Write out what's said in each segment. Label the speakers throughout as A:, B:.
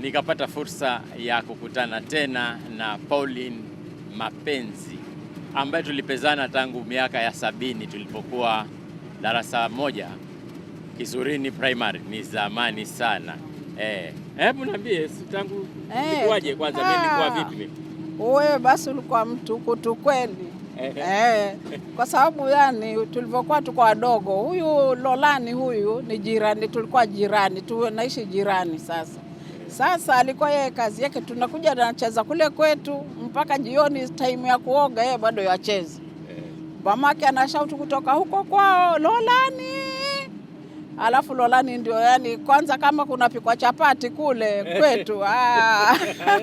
A: nikapata fursa ya kukutana tena na Pauline Mapenzi ambaye tulipezana tangu miaka ya sabini tulipokuwa darasa moja Kisurini Primary. Ni zamani sana. Eh,
B: hebu niambie tangu eh, ilikuwaje? Kwanza mimi nilikuwa ah, vipi mimi?
C: Wewe basi ulikuwa mtu kutu kweli. Eh, eh, kwa sababu yani tulivyokuwa tuko wadogo, huyu Lolani huyu ni jirani, tulikuwa jirani, tunaishi jirani sasa sasa alikuwa yeye kazi yake, tunakuja anacheza kule kwetu mpaka jioni, time ya kuoga, yeye bado yacheza. Eh. Mamake anashautu kutoka huko kwao Lolani. Alafu Lolani ndio yani, kwanza kama kuna pikwa chapati kule kwetu ah,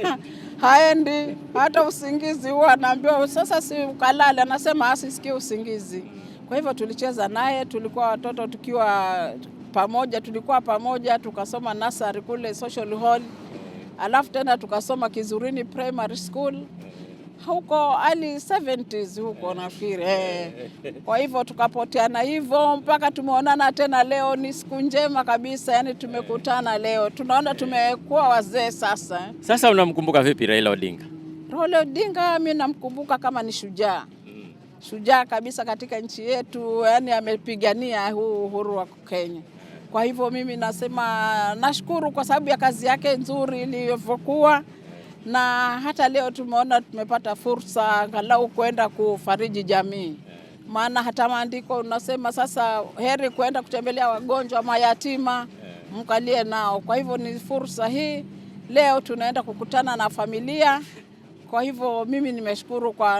C: haendi hata usingizi, huwa anaambiwa sasa, si ukalale, anasema asisikie ah, usingizi. Kwa hivyo tulicheza naye, tulikuwa watoto tukiwa pamoja, tulikuwa pamoja tukasoma nasari kule social hall, alafu tena tukasoma Kizurini Primary School huko ali 70s huko nafikiri eh. Kwa hivyo tukapoteana hivyo mpaka tumeonana tena leo. Ni siku njema kabisa, yani tumekutana leo, tunaona tumekuwa wazee sasa.
A: Sasa unamkumbuka vipi Raila Odinga?
C: Raila Odinga mi namkumbuka kama ni shujaa shujaa kabisa katika nchi yetu, yani amepigania huu uhuru wa Kenya. Kwa hivyo mimi nasema nashukuru kwa sababu ya kazi yake nzuri ilivyokuwa, na hata leo tumeona tumepata fursa angalau kwenda kufariji jamii, maana hata maandiko unasema sasa heri kwenda kutembelea wagonjwa, mayatima, mkalie nao. Kwa hivyo ni fursa hii leo tunaenda kukutana na familia. Kwa hivyo mimi nimeshukuru kwa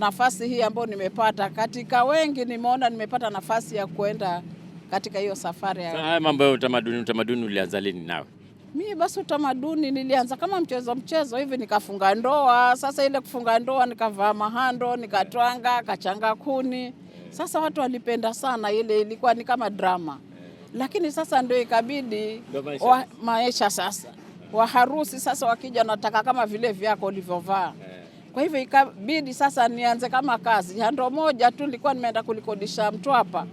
C: nafasi hii ambayo nimepata. Katika wengi nimeona nimepata nafasi ya kuenda katika hiyo safari ya
A: haya mambo ya utamaduni. Utamaduni ulianza lini nawe?
C: Mi basi utamaduni nilianza kama mchezo mchezo hivi, nikafunga ndoa. Sasa ile kufunga ndoa, nikavaa mahando, nikatwanga kachanga kuni. Sasa watu walipenda sana ile, ilikuwa ni kama drama, lakini sasa ndio ikabidi maisha, wa, maisha sasa waharusi sasa wakija wanataka kama vile vyako ulivyovaa eh. Kwa hivyo ikabidi sasa nianze kama kazi. Hando moja tu nilikuwa nimeenda kulikodisha hapa.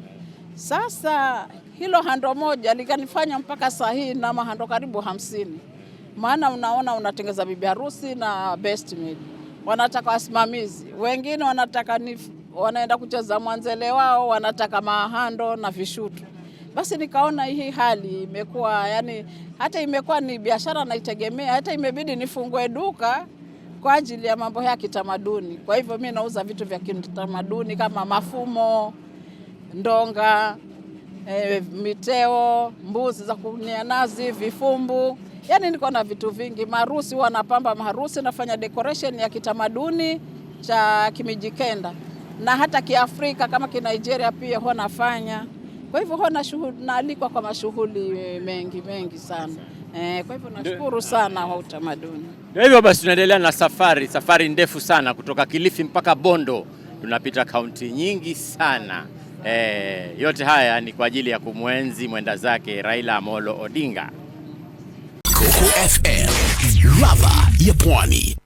C: Sasa hilo hando moja likanifanya mpaka saa hii na mahando karibu hamsini. Maana unaona unatengeza bibi harusi na maid Wanataka wasimamizi, wengine wanataka ni wanaenda kucheza mwanzele wao, wanataka mahando na vishutu. Basi nikaona hii hali imekuwa yani, hata imekuwa ni biashara naitegemea, hata imebidi nifungue duka kwa ajili ya mambo ya kitamaduni. Kwa hivyo mi nauza vitu vya kitamaduni kama mafumo, ndonga, e, miteo, mbuzi za kunia nazi, vifumbu, yaani niko na vitu vingi. Maharusi huwa napamba maharusi, nafanya decoration ya kitamaduni cha Kimijikenda na hata Kiafrika kama Kinigeria pia huwa nafanya. Kwa hivyo huwa naalikwa kwa mashughuli eh, mengi mengi sana. Eh, kwa hivyo nashukuru sana wa utamaduni.
A: Ndio hivyo basi, tunaendelea na safari, safari ndefu sana kutoka Kilifi mpaka Bondo, tunapita kaunti nyingi sana eh, yote haya ni kwa ajili ya kumwenzi mwenda zake Raila Amolo Odinga. Coco FM, ladha ya Pwani.